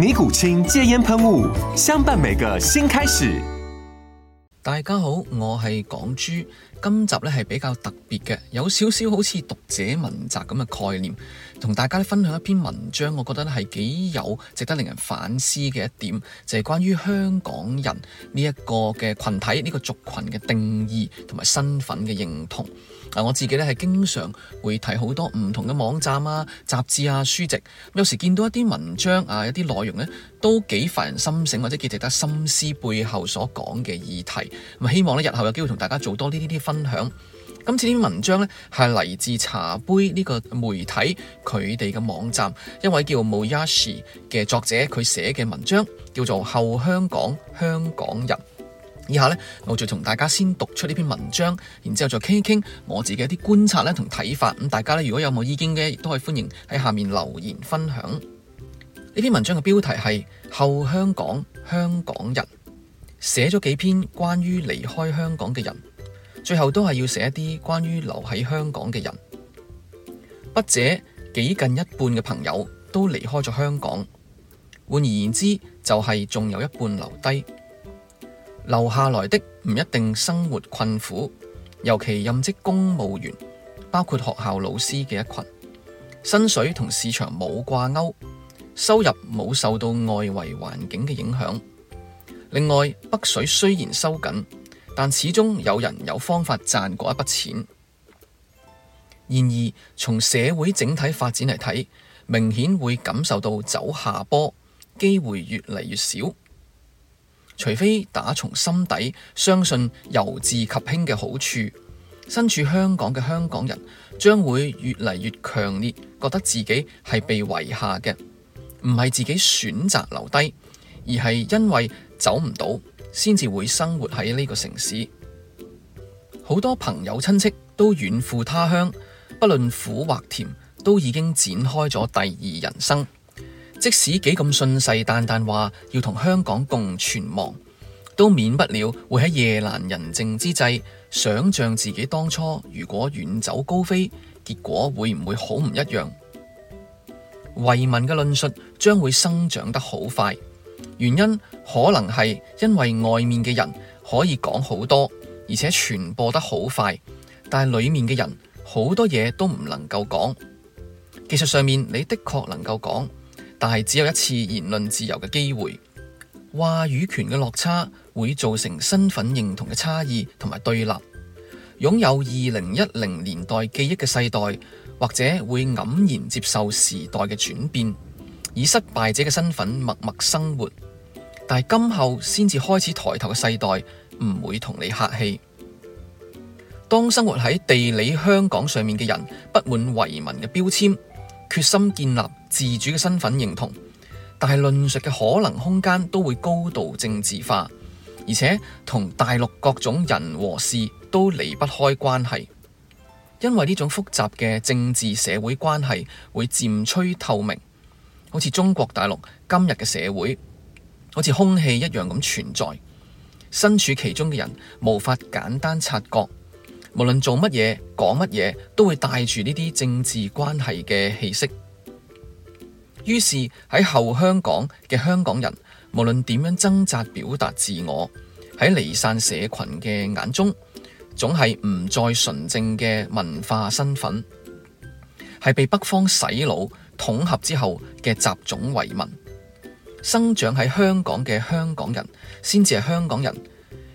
尼古清戒煙噴霧，相伴每個新開始。大家好，我係港豬。今集咧係比較特別嘅，有少少好似讀者文集咁嘅概念，同大家分享一篇文章，我覺得咧係幾有值得令人反思嘅一點，就係、是、關於香港人呢一個嘅群體、呢、這個族群嘅定義同埋身份嘅認同。啊，我自己咧係經常會睇好多唔同嘅網站啊、雜誌啊、書籍，有時見到一啲文章啊、一啲內容呢，都幾發人心醒或者幾值得深思背後所講嘅議題。咁希望呢日後有機會同大家做多呢啲。分享今次篇文章呢，係嚟自茶杯呢個媒體，佢哋嘅網站一位叫 Moyashi 嘅作者，佢寫嘅文章叫做《後香港香港人》。以下呢，我就同大家先讀出呢篇文章，然之後再傾一傾我自己一啲觀察呢同睇法。咁大家呢如果有冇意見嘅，亦都可以歡迎喺下面留言分享。呢篇文章嘅標題係《後香港香港人》，寫咗幾篇關於離開香港嘅人。最後都係要寫一啲關於留喺香港嘅人。筆者幾近一半嘅朋友都離開咗香港，換而言之，就係仲有一半留低。留下來的唔一定生活困苦，尤其任職公務員，包括學校老師嘅一群，薪水同市場冇掛鈎，收入冇受到外圍環境嘅影響。另外，北水雖然收緊。但始終有人有方法賺過一筆錢。然而，從社會整體發展嚟睇，明顯會感受到走下坡，機會越嚟越少。除非打從心底相信由治及興嘅好處，身處香港嘅香港人將會越嚟越強烈覺得自己係被遺下嘅，唔係自己選擇留低，而係因為走唔到。先至會生活喺呢個城市，好多朋友親戚都遠赴他鄉，不論苦或甜，都已經展開咗第二人生。即使幾咁信誓旦旦話要同香港共存亡，都免不了會喺夜闌人靜之際，想象自己當初如果遠走高飛，結果會唔會好唔一樣？遺民嘅論述將會生長得好快。原因可能係因為外面嘅人可以講好多，而且傳播得好快，但係裏面嘅人好多嘢都唔能夠講。技術上面你的確能夠講，但係只有一次言論自由嘅機會。話語權嘅落差會造成身份認同嘅差異同埋對立。擁有二零一零年代記憶嘅世代，或者會黯然接受時代嘅轉變。以失敗者嘅身份默默生活，但係今後先至開始抬頭嘅世代唔會同你客氣。當生活喺地理香港上面嘅人，不滿遺民嘅標籤，決心建立自主嘅身份認同，但係論述嘅可能空間都會高度政治化，而且同大陸各種人和事都離不開關係，因為呢種複雜嘅政治社會關係會漸趨透明。好似中國大陸今日嘅社會，好似空氣一樣咁存在，身處其中嘅人無法簡單察覺，無論做乜嘢講乜嘢，都會帶住呢啲政治關係嘅氣息。於是喺後香港嘅香港人，無論點樣掙扎表達自我，喺離散社群嘅眼中，總係唔再純正嘅文化身份，係被北方洗腦。統合之後嘅雜種遺民，生長喺香港嘅香港人先至係香港人，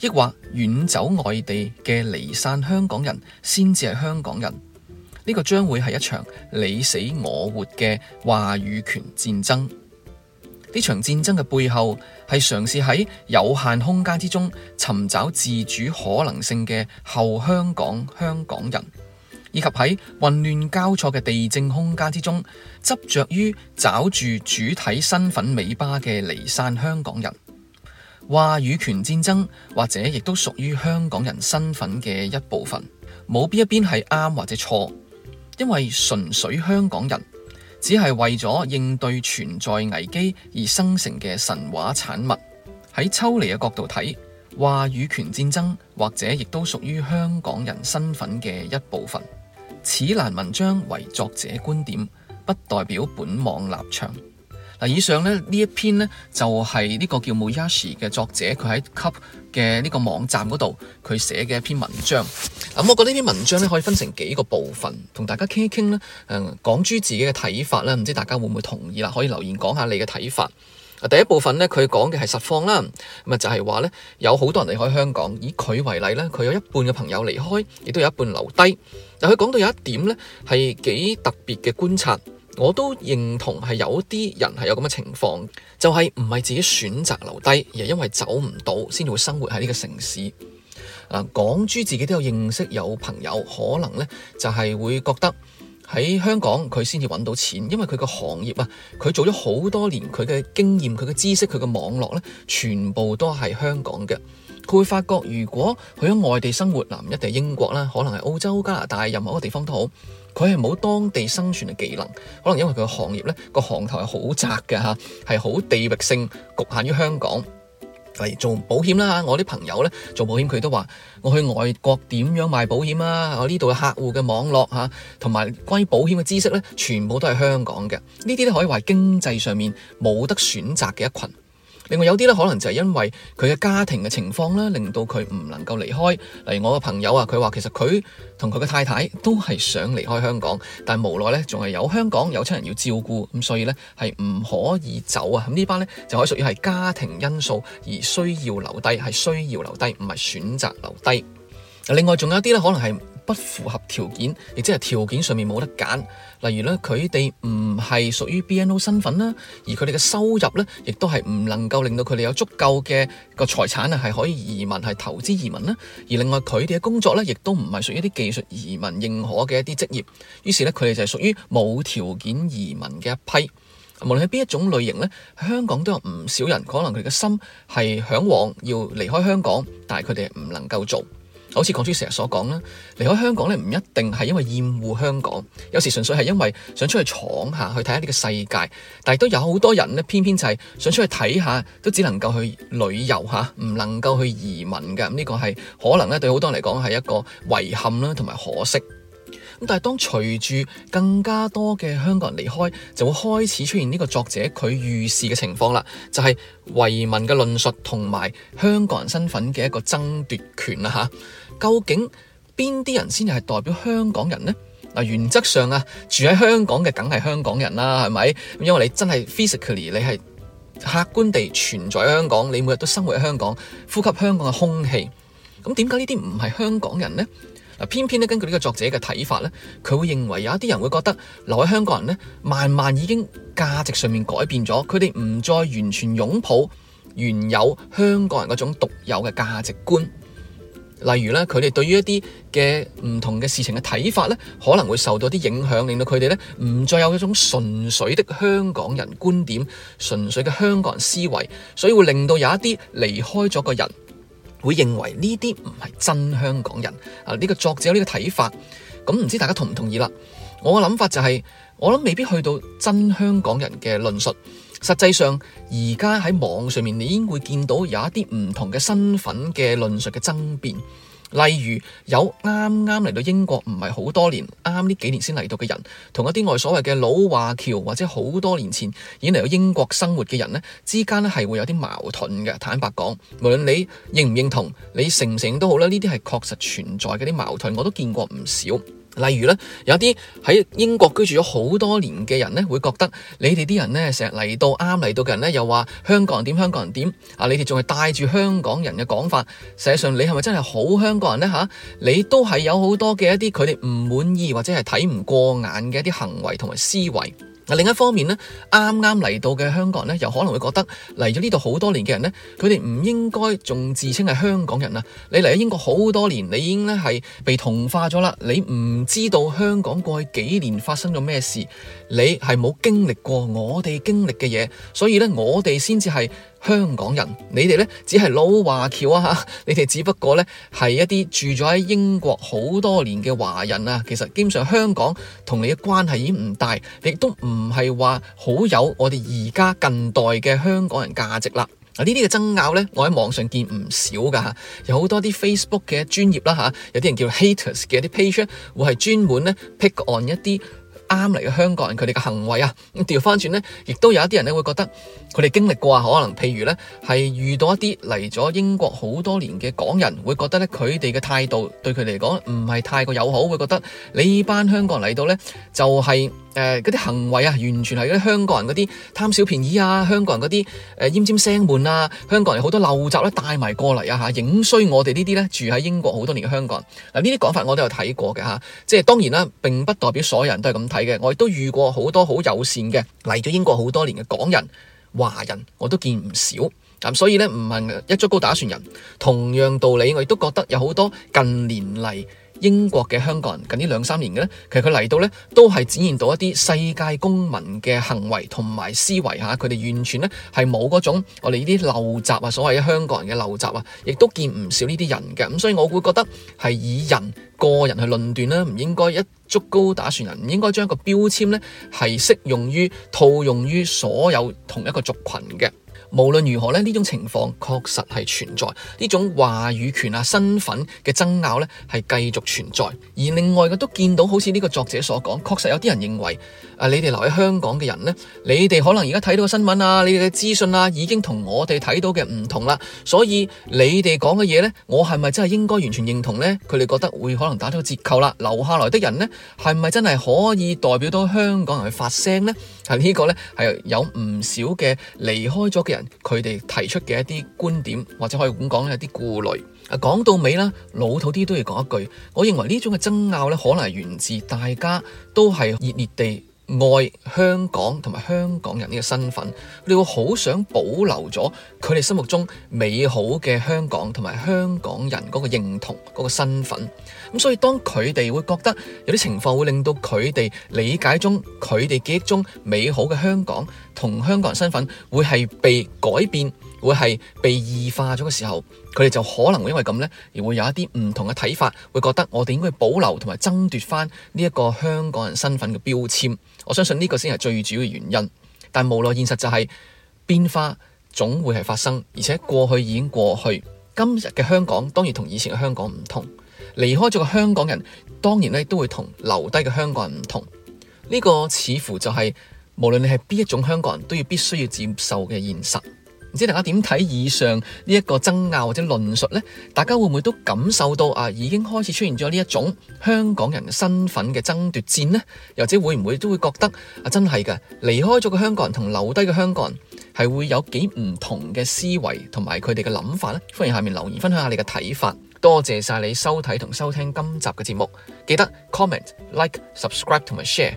抑或遠走外地嘅離散香港人先至係香港人？呢、呢個將會係一場你死我活嘅話語權戰爭。呢場戰爭嘅背後係嘗試喺有限空間之中尋找自主可能性嘅後香港香港人。以及喺混亂交錯嘅地政空間之中，執著於找住主體身份尾巴嘅離散香港人，話語權戰爭，或者亦都屬於香港人身份嘅一部分，冇邊一邊係啱或者錯，因為純粹香港人，只係為咗應對存在危機而生成嘅神話產物，喺抽離嘅角度睇。話語權戰爭或者亦都屬於香港人身份嘅一部分。此欄文章為作者觀點，不代表本網立場。嗱，以上咧，呢呢一篇呢，就係、是、呢個叫 Moyashi 嘅作者，佢喺 CUP 嘅呢個網站嗰度佢寫嘅一篇文章。咁，我覺得呢篇文章咧，可以分成幾個部分，同大家傾一傾啦。誒，講住自己嘅睇法啦，唔知大家會唔會同意啦？可以留言講下你嘅睇法。第一部分呢，佢講嘅係實況啦，咁啊就係話呢，有好多人離開香港，以佢為例呢，佢有一半嘅朋友離開，亦都有一半留低。但佢講到有一點呢，係幾特別嘅觀察，我都認同係有啲人係有咁嘅情況，就係唔係自己選擇留低，而係因為走唔到先至會生活喺呢個城市。啊，港豬自己都有認識有朋友，可能呢，就係會覺得。喺香港佢先至揾到錢，因為佢個行業啊，佢做咗好多年，佢嘅經驗，佢嘅知識，佢嘅網絡咧，全部都係香港嘅。佢會發覺，如果去咗外地生活，嗱唔一定係英國啦，可能係澳洲、加拿大任何一個地方都好，佢係冇當地生存嘅技能。可能因為佢個行業咧，個行頭係好窄嘅嚇，係好地域性局限於香港。嚟做保險啦！我啲朋友咧做保險，佢都話我去外國點樣賣保險啦，啊？我呢度嘅客戶嘅網絡同埋關於保險嘅知識咧，全部都係香港嘅。呢啲可以話係經濟上面冇得選擇嘅一群。另外有啲咧，可能就係因為佢嘅家庭嘅情況咧，令到佢唔能夠離開。例如我嘅朋友啊，佢話其實佢同佢嘅太太都係想離開香港，但無奈咧，仲係有香港有親人要照顧，咁所以咧係唔可以走啊。咁呢班咧就可以屬於係家庭因素而需要留低，係需要留低，唔係選擇留低。另外仲有一啲咧，可能係。不符合條件，亦即係條件上面冇得揀。例如呢佢哋唔係屬於 BNO 身份啦，而佢哋嘅收入呢，亦都係唔能夠令到佢哋有足夠嘅個財產啊，係可以移民係投資移民啦。而另外佢哋嘅工作呢，亦都唔係屬於啲技術移民認可嘅一啲職業。於是呢，佢哋就係屬於冇條件移民嘅一批。無論係邊一種類型呢，香港都有唔少人，可能佢哋嘅心係嚮往要離開香港，但係佢哋唔能夠做。好似港豬成日所講啦，離開香港咧唔一定係因為厭惡香港，有時純粹係因為想出去闖下，去睇下呢個世界。但係都有好多人咧，偏偏就係想出去睇下，都只能夠去旅遊吓，唔能夠去移民嘅。咁呢個係可能咧對好多人嚟講係一個遺憾啦，同埋可惜。咁但係當隨住更加多嘅香港人離開，就會開始出現呢個作者佢預示嘅情況啦，就係遺民嘅論述同埋香港人身份嘅一個爭奪權啊嚇。究竟邊啲人先至係代表香港人呢？嗱，原則上啊，住喺香港嘅梗係香港人啦，係咪？因為你真係 physically 你係客觀地存在喺香港，你每日都生活喺香港，呼吸香港嘅空氣。咁點解呢啲唔係香港人呢？嗱，偏偏咧根據呢個作者嘅睇法咧，佢會認為有一啲人會覺得留喺香港人咧，慢慢已經價值上面改變咗，佢哋唔再完全擁抱原有香港人嗰種獨有嘅價值觀。例如咧，佢哋對於一啲嘅唔同嘅事情嘅睇法咧，可能會受到啲影響，令到佢哋咧唔再有一種純粹嘅香港人觀點，純粹嘅香港人思維，所以會令到有一啲離開咗嘅人會認為呢啲唔係真香港人啊。呢、呢個作者有呢個睇法，咁唔知大家同唔同意啦？我嘅諗法就係、係、我諗未必去到真香港人嘅論述。實際上，而家喺網上面，你已經會見到有一啲唔同嘅身份嘅論述嘅爭辯，例如有啱啱嚟到英國唔係好多年，啱呢幾年先嚟到嘅人，同一啲外所謂嘅老華僑或者好多年前已經嚟到英國生活嘅人呢，之間咧係會有啲矛盾嘅。坦白講，無論你認唔認同，你承唔承都好啦，呢啲係確實存在嘅啲矛盾，我都見過唔少。例如咧，有啲喺英國居住咗好多年嘅人咧，會覺得你哋啲人咧成日嚟到啱嚟到嘅人咧，又話香港人點？香港人點？啊！你哋仲係帶住香港人嘅講法，實際上你係咪真係好香港人咧？嚇，你都係有好多嘅一啲佢哋唔滿意或者係睇唔過眼嘅一啲行為同埋思維。另一方面呢，啱啱嚟到嘅香港人呢，又可能會覺得，嚟咗呢度好多年嘅人呢，佢哋唔應該仲自稱係香港人啊！你嚟咗英國好多年，你已經呢係被同化咗啦，你唔知道香港過去幾年發生咗咩事，你係冇經歷過我哋經歷嘅嘢，所以呢，我哋先至係香港人，你哋咧只係老華僑啊！你哋只不過咧係一啲住咗喺英國好多年嘅華人啊！其實基本上香港同你嘅關係已經唔大，亦都唔係話好有我哋而家近代嘅香港人價值啦。呢啲嘅爭拗咧，我喺網上見唔少噶嚇，有好多啲 Facebook 嘅專頁啦嚇，有啲人叫 haters 嘅啲 page 會係專門咧 pick on 一啲。啱嚟嘅香港人佢哋嘅行為啊，咁調翻轉咧，亦都有一啲人咧會覺得佢哋經歷過啊，可能譬如咧係遇到一啲嚟咗英國好多年嘅港人，會覺得咧佢哋嘅態度對佢嚟講唔係太過友好，會覺得你班香港人嚟到咧就係誒嗰啲行為啊，完全係啲香港人嗰啲貪小便宜啊，香港人嗰啲誒奄尖聲悶啊，香港人好多陋習咧帶埋過嚟啊吓，影衰我哋呢啲咧住喺英國好多年嘅香港嗱。呢啲講法我都有睇過嘅吓，即係當然啦，並不代表所有人都係咁睇。我亦都遇過好多好友善嘅嚟咗英國好多年嘅港人華人，我都見唔少。咁所以呢，唔係一竹篙打船人。同樣道理，我亦都覺得有好多近年嚟英國嘅香港人近呢兩三年嘅咧，其實佢嚟到咧，都係展現到一啲世界公民嘅行為同埋思維吓，佢哋完全咧係冇嗰種我哋呢啲陋習啊，所謂香港人嘅陋習啊，亦都見唔少呢啲人嘅，咁所以我會覺得係以人個人去論斷啦，唔應該一竹篙打船人，唔應該將一個標籤咧係適用於套用於所有同一個族群嘅。無論如何，呢種情況確實係存在，呢種話語權啊、身份嘅爭拗咧係繼續存在。而另外嘅都見到，好似呢個作者所講，確實有啲人認為，啊你哋留喺香港嘅人咧，你哋可能而家睇到嘅新聞啊、你哋嘅資訊啊，已經同我哋睇到嘅唔同啦。所以你哋講嘅嘢咧，我係咪真係應該完全認同呢？佢哋覺得會可能打咗折扣啦。留下來的人咧，係咪真係可以代表到香港人去發聲呢？係呢個呢係有唔少嘅離開咗嘅人。佢哋提出嘅一啲觀點，或者可以咁講，有啲顧慮。啊，講到尾啦，老土啲都要講一句，我認為呢種嘅爭拗咧，可能源自大家都係熱烈地愛香港同埋香港人呢個身份，佢哋會好想保留咗佢哋心目中美好嘅香港同埋香港人嗰個認同嗰個身份。咁所以當佢哋會覺得有啲情況會令到佢哋理解中、佢哋記憶中美好嘅香港同香港人身份會係被改變，會係被異化咗嘅時候，佢哋就可能會因為咁咧，而會有一啲唔同嘅睇法，會覺得我哋應該保留同埋爭奪翻呢一個香港人身份嘅標籤，我相信呢個先係最主要嘅原因。但無奈現實就係變化總會係發生，而且過去已經過去，今日嘅香港當然同以前嘅香港唔同，離開咗嘅香港人當然咧都會同留低嘅香港人唔同。呢個似乎就係。無論你係邊一種香港人都要必須要接受嘅現實，唔知大家點睇以上呢一個爭拗或者論述呢？大家會唔會都感受到啊，已經開始出現咗呢一種香港人身份嘅爭奪戰呢？又或者會唔會都會覺得啊，真係㗎，離開咗嘅香港人同留低嘅香港人係會有幾唔同嘅思維同埋佢哋嘅諗法呢？歡迎下面留言分享下你嘅睇法。多謝晒你收睇同收聽今集嘅節目，記得 comment、like、subscribe 同埋 share。